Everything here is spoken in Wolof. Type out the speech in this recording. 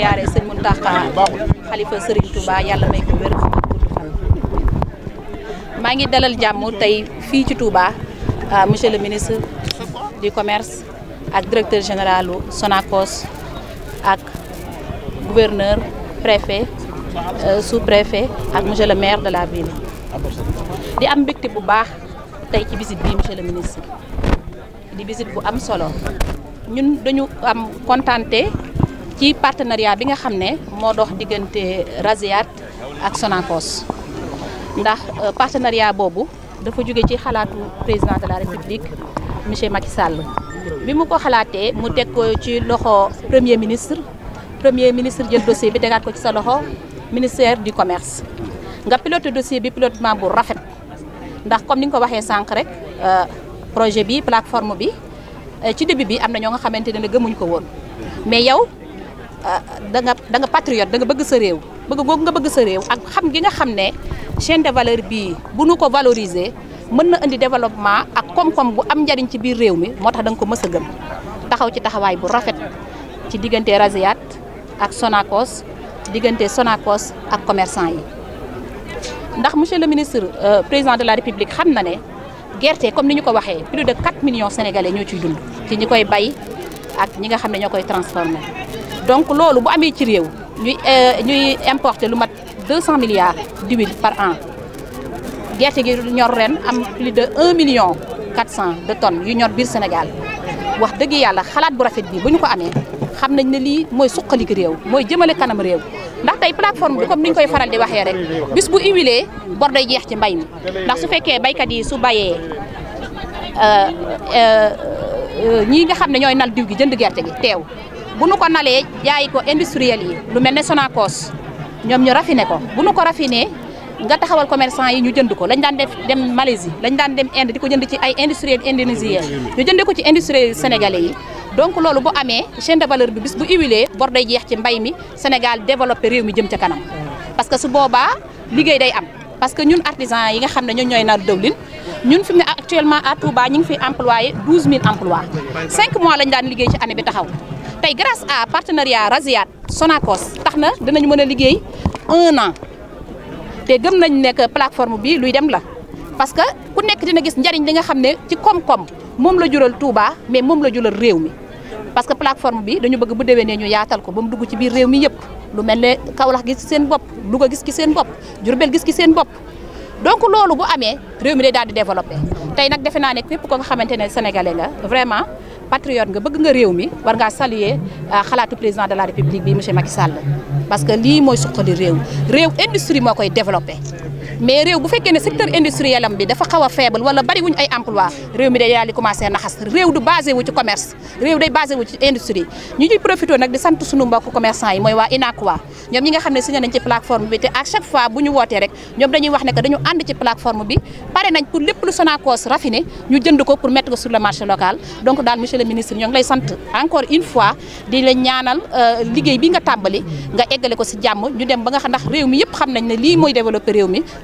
ziyaare sëñ Muntaxa xalifa sëriñ Touba yàlla may ko wér maa ngi dalal jàmm tey fii ci Touba euh, monsieur le ministre du commerce ak directeur général sonakos ak gouverneur préfet euh, sous-préfet ak monsieur le maire de la ville di am mbégte bu baax tey ci visite bii monsieur le ministre di visite bu am solo ñun dañu am kontaante ci partenariat bi nga xam ne moo dox diggante Rasiaat ak Sonacos ndax euh, partenariat boobu dafa jóge ci xalaatu président de la république monsieur Macky Sall bi mu ko xalaatee mu teg ko ci loxo premier ministre premier ministre jël dossier bi tegaat ko ci sa loxo ministère du commerce nga pilote dossier bi pilotement bu rafet ndax comme ni nga ko waxee sànq rek euh, projet bi plateforme bi euh, ci début bi am na ñoo nga xamante ne gëmuñ ko woon mais yow da nga da nga patriote da nga bëgg sa réew bëgg googu nga bëgg sa réew ak xam gi nga xam ne chaîne de valeur bii bu nu ko valoriser mën na indi développement ak koom-koom bu am njariñ ci biir réew mi moo tax danga ko mës a gëm taxaw ci taxawaay bu rafet ci diggante Rasiaat ak Sonacos diggante Sonacos ak commerçant yi ndax monsieur le ministre euh, président de la république xam na ne gerte comme ni ñu ko waxee plus de 4 millions sénégalais ñoo ciy dund ci ñu koy bay ak ñi nga xam ne ñoo koy transformer donc lolu bu amé ci réew ñuy euh, ñuy importer lu mat 200 milliards d'huile par an gerté gi ñor ren am plus de 1 million 400 de tonnes yu ñor bir Sénégal wax deug yalla xalaat bu rafet bi buñ ko amé xamnañ né li moy sukkali gi réew moy jëmele kanam réew ndax tay plateforme bi comme niñ koy faral di waxé rek bis bu huilé bor day jeex ci mbay mi ndax su féké baykat yi su bayé euh euh, euh ñi nga xamné ñoy nal diw gi jënd gerté gi téw bu nu ko nalee jaayi ko industriel yi lu mel ne Sonacos ñoom ñu rafine ko bu nu ko raffiné nga taxawal commerçant yi ñu jënd ko lañ daan def dem Malaisie lañ daan dem Inde di ko jënd ci ay industriel indonésien ñu jëndee ko ci industriel sénégalais yi donc loolu bu amee chaîne valeur bi bis bu huilee bor day jeex ci mbay mi Sénégal développé réew mi jëm ca kanam parce que su boobaa liggéey day am parce que ñun artisan yi nga xam ne ñun ñooy naru dëwlin ñun fi mu ne actuellement à Touba ñu ngi fi employé 12000 emplois 5 mois lañ daan liggéey ci année bi taxaw tay grâce à partenariat Raziat Sonacos taxna na dinañ mën liggéey 1 an té gëm nañ nekk plateforme bi luy dem la parce que ku nek dina gis njariñ li nga xamné ci kom kom mom la jural Touba mais mom la jural réew mi parce que plateforme bi dañu bëgg bu déwé né ñu yaatal ko ba mu dugg ci biir réew mi yëpp lu mel ne Kaolack gis ci seen lu ko gis ci seen bop jurbel gis ci seen bop donc lolu bu amé réew mi day daal di développé tey nag defe naa ne képp ko nga xamante ne sénégalais la vraiment patriote nga bëgg nga réew mi war nga saluer euh, xalaatu président de la république bi monsieur Macky Sall parce que lii mooy suqali réew réew industrie est koy mais réew bu fekkee ne secteur industriel am bi dafa xaw a faible wala bari ay emploi réew mi day daal di commencé naxas réew du basé wu ci commerce réew day basé wu ci industrie ñu ñuy profité nag di sant sunu mbokk commerçant yi mooy waa Inacwa ñoom ñi nga xam ne signé nañ ci plateforme bi te à chaque fois bu ñu wootee rek ñoom dañuy wax ne que dañu ànd ci plateforme bi pare nañ pour lépp lu Sonacos raffiné ñu jënd ko pour mettre ko sur le marché local donc daal monsieur le ministre ñoo ngi lay sant encore une fois di la ñaanal euh, liggéey bi nga tàmbali nga eggale ko si jàmm ñu dem ba nga xam ndax réew mi yëpp xam nañ ne lii mooy développé réew mi